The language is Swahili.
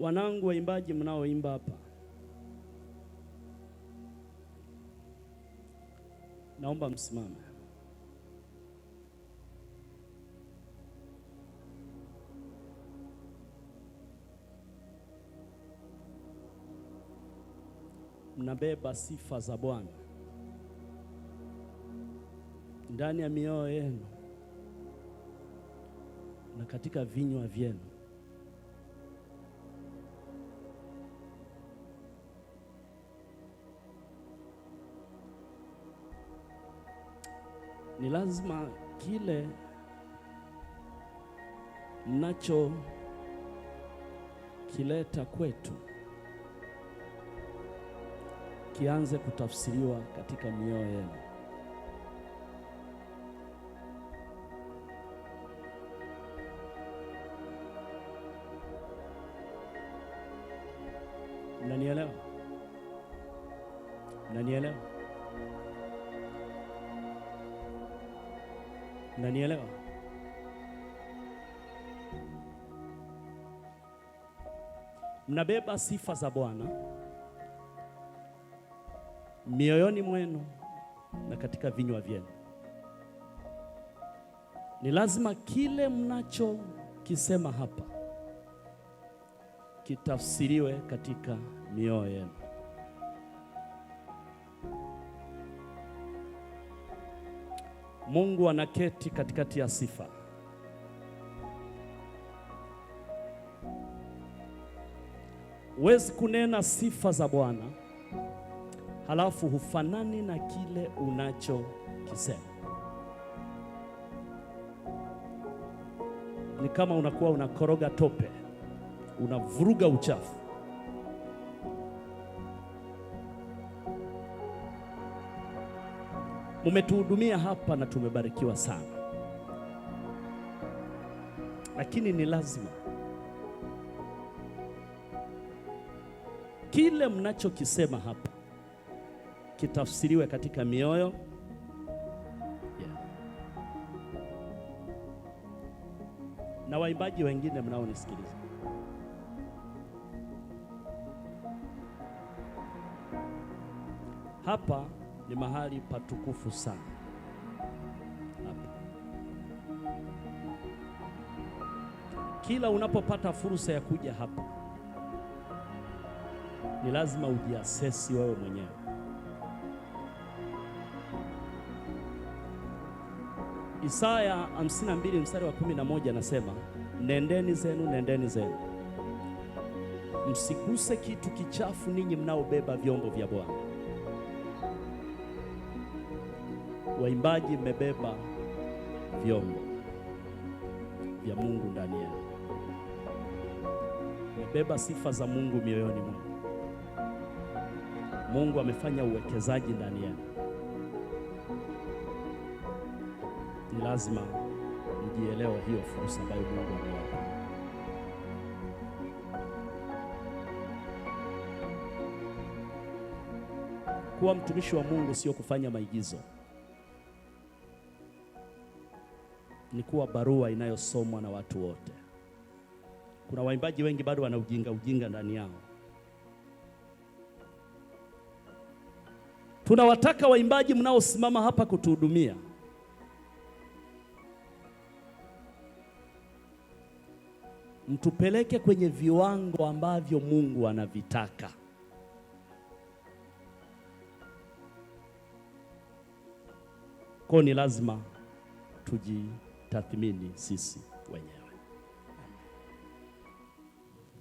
wanangu waimbaji mnaoimba hapa, naomba msimame. Mnabeba sifa za Bwana ndani ya mioyo yenu na katika vinywa vyenu. ni lazima kile mnachokileta kwetu kianze kutafsiriwa katika mioyo yenu. Mnanielewa? Mnanielewa? Unanielewa? Mnabeba sifa za Bwana mioyoni mwenu na katika vinywa vyenu. Ni lazima kile mnachokisema hapa kitafsiriwe katika mioyo yenu. Mungu anaketi katikati ya sifa. Huwezi kunena sifa za Bwana halafu hufanani na kile unachokisema. Ni kama unakuwa unakoroga tope, unavuruga uchafu. Mumetuhudumia hapa na tumebarikiwa sana, lakini ni lazima kile mnachokisema hapa kitafsiriwe katika mioyo Na waimbaji wengine mnaonisikiliza, hapa ni mahali patukufu sana hapa. Kila unapopata fursa ya kuja hapa, ni lazima ujiasesi wewe mwenyewe. Isaya 52 mstari wa 11 anasema, nendeni zenu, nendeni zenu, msiguse kitu kichafu ninyi mnaobeba vyombo vya Bwana. waimbaji mmebeba vyombo vya Mungu ndani yenu, mmebeba sifa za Mungu mioyoni mwenu. Mungu amefanya uwekezaji ndani yenu, ni lazima mjielewe hiyo fursa ambayo Mungu amewapa. Kuwa mtumishi wa Mungu sio kufanya maigizo. ni kuwa barua inayosomwa na watu wote. Kuna waimbaji wengi bado wana ujinga ujinga ndani yao. Tunawataka waimbaji mnaosimama hapa kutuhudumia, mtupeleke kwenye viwango ambavyo Mungu anavitaka. Kwa ni lazima tuji tathmini sisi wenyewe.